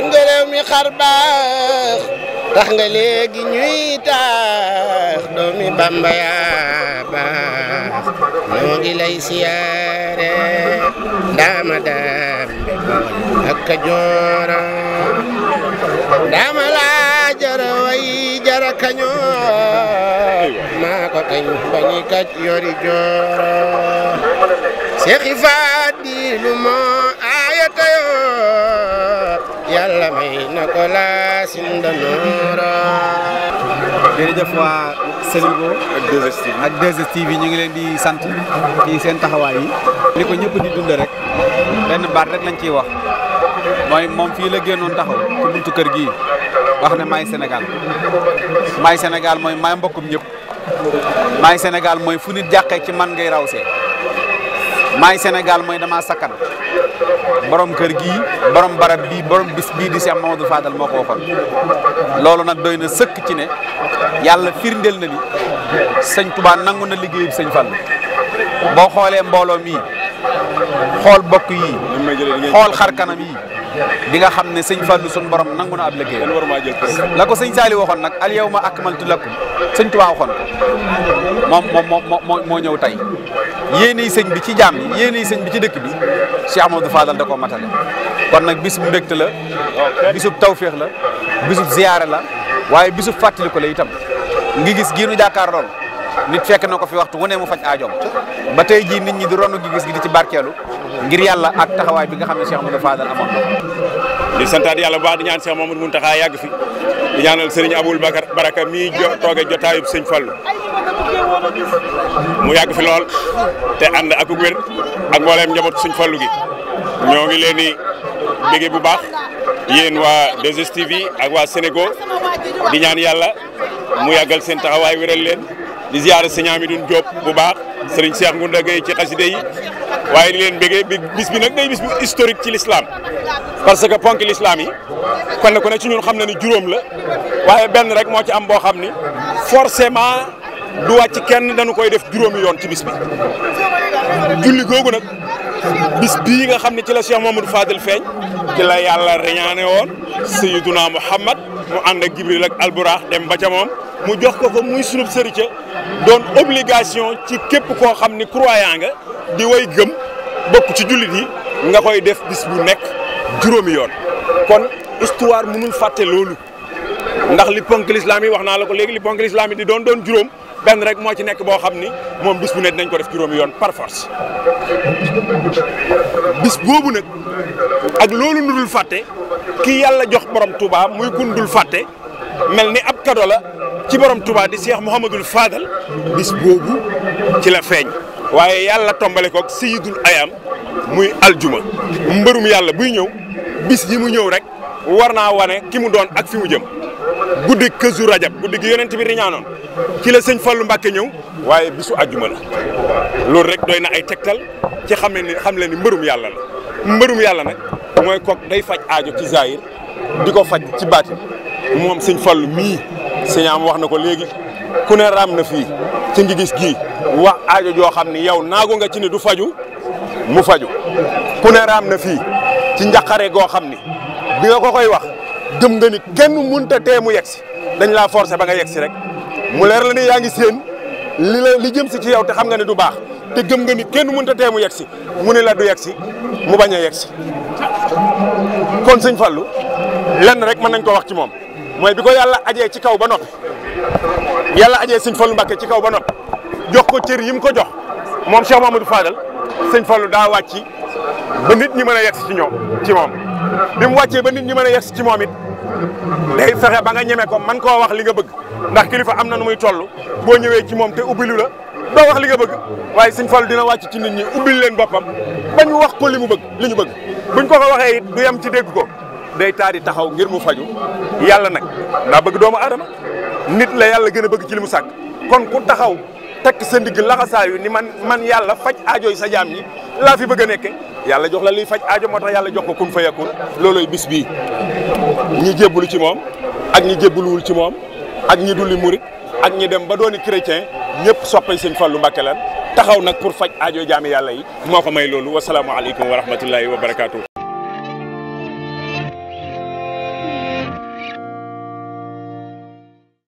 wan nga réew mi xar baax tax nga léegi ñuy doomi Bamba yaa baax ñoo ngi lay siyaare ndaama dambe ak Kajoora ndaama laa jara way jara kañoor maa ko kañ bañi kàcc yori jooro Seexi Faadilu moo yàlla may na ko laa sindanoora jërëjëf waa Sénégo ak 2STV ak 2STV ñu ngi leen di sant ci seen taxawaay yi ni ko ñëpp di dund rek benn baat rek lañ ciy wax mooy moom fii la génnoon taxaw ci buntu kër gii wax ne maay Sénégal maay Sénégal mooy maay mbokkum ñëpp maay Sénégal mooy fu nit jàqee ci man ngay rawsee maay Sénégal mooy dama sakkan boroom kër gi borom barab bi borom bis bii di Cheikh Mamadou Fadal moo ko waxoon loolu nag doy na sëkk ci ne yàlla firndeel na ni sëñ Touba nangu na bi sëñ Fall boo xoolee mbooloo mii xool bokk yi xool xar kanam yi di nga xam ne sëñ Fallou sunu borom nangu na ab liggéey la ko sëñ Saali waxoon nag ak yawma akmaltu lakum sëñ Tuubaa waxoon ko moom moom moo moo moo ñëw tey yéenay sëñ bi ci jaam yi yéenay sëñ bi ci dëkk bi Cheikh Amadou Fadal da koo matale kon nag bu mbégte la bisub tawféex la bisu ziyaare la waaye bisu fàttali ko la itam ngi gis giinu jàkkaar lool nit fekk na ko fi waxtu wu ne mu fañ aajoom ba te jii nit ñi di ronu gi gis gi di ci barkeelu ngir yàlla ak taxawaay bi nga xam ne Cheikh Amadou Fadal amoon na di yàlla bu baax di ñaan Cheikh Mamadou Mountakha yàgg fi di ñaanal Serigne Aboul Bakar Baraka mii jo tooge jotaayub Sëñ Fallou mu yàgg fi lool te ak wér ak mbooleem njabootu Sëñ Fallou gi ñoo ngi leen di bége bu baax yéen waa 2STV ak waa Sénégo di ñaan yàlla mu yàggal seen taxawaay wéral leen di ziyaare Sëñ Amidou Diop bu baax Serigne Cheikh Ngounda Gueye ci xaside waaye di leen bégee bi bis bi nag day bis bu historique ci lislaam parce que ponk lislaam yi kon ku ne ci ñun xam na ni juróom la waaye benn rek moo ci am boo xam ni forcément du wàcc kenn dañu koy def juróomi yoon ci bis bi julli googu nag bis bii nga xam ne ci la Cheikh Mamadou Fadel feeñ ci la yàlla reñaane woon Sayyiduna Muhammad mu ànd ak Jibril ak Alburax dem ba ca moom mu jox ko ko muy sunub sërite doon obligation ci képp koo xam ni croyant nga di way gëm bokk ci jullit yi nga koy def bis bu nekk juróomi yoon kon histoire mënul fàtte loolu ndax li ponk lislaam wax naa la ko léegi li ponk lislaam yi di doon doon juróom benn rek moo ci nekk boo xam ni moom bis bu ne dinañ ko def juróomi yoon par force bis boobu nag ak loolu nu fàtte ki yàlla jox borom tubaab muy kun dul fàtte mel ni ab kado la ci borom Touba di Cheikh Mouhamadul Fadal bis boobu ci la feeñ waaye yàlla tombale koog sayidul ayam muy aljuma mbërum yàlla buy ñëw bis yi mu ñëw rek war naa wane ki mu doon ak fi mu jëm guddi kësu rajab guddi gi yonent bi riñaanoon ci la sëñ Fallou Mbacke ñëw waaye bisu aljuma la loolu rek doy na ay tegtal ci xam ne ni xam leen ni mbërum yàlla la mbërum yàlla nag mooy kook day faj aajo ci zahir di ko faj ci baatin moom sëñ Fallou mii sëñ am wax na ko léegi ku ne raam na fii ci ngigis gii wax aajo joo xam ni yow naagu nga ci ni du faju mu faju ku ne raam na fii ci njaqare goo xam ni bi ko koy wax gëm nga ni kenn mënta tee mu yegg si dañ laa forcé ba nga yegg si rek mu leer la ni yaa ngi séen li la li jëm si ci yow te xam nga ne du baax te gëm nga ni kenn mënta tee mu yegg si mu ne la du yegg si mu bañ a yegg si kon sëñ Fallou len rek mën nañ ko wax ci moom mooy bi ko yàlla ajee ci kaw ba noppi yàlla ajee sëñ Fallou Mbacké ci kaw ba noppi jox ko cër yi mu ko jox moom Cheikh Mamadou Fadal sëñ Fallou daa wàcc ba nit ñi mën a yegsi ci ñoom ci moom bi wàccee ba nit ñi mën a yegsi ci moom it day fexe ba nga ñeme ko man ko wax li nga bëgg ndax kilifa am na nu muy tollu boo ñëwee ci moom te ubbilu la doo wax li nga bëgg waaye sëñ Fallou dina wàcc ci nit ñi ubbil leen boppam ba ñu wax ko li mu bëgg li ñu bëgg buñ ko ko waxee it du yem ci dégg ko day taari taxaw ngir mu faju yàlla nag daa bëgg doomu aadama nit la yàlla gën a bëgg ci li mu sàkk kon ku taxaw tekk seen digg laxasaayu ni man man yàlla faj aajo yi sa jaam ñi laa fi bëgg a nekke yàlla jox la liy faj aajo moo tax yàlla jox ko kun fa loolu looloy bis bii ñi jébbalu ci moom ak ñi jébbaluwul ci moom ak ñi dulli murit ak ñi dem ba dooni chrétien ñëpp soppay sëñ Fallu Mbàkke lan taxaw nag pour faj aajo jaami yàlla yi moo ko may loolu wasalaamualeykum wa rahmatullahi wa barakaatu.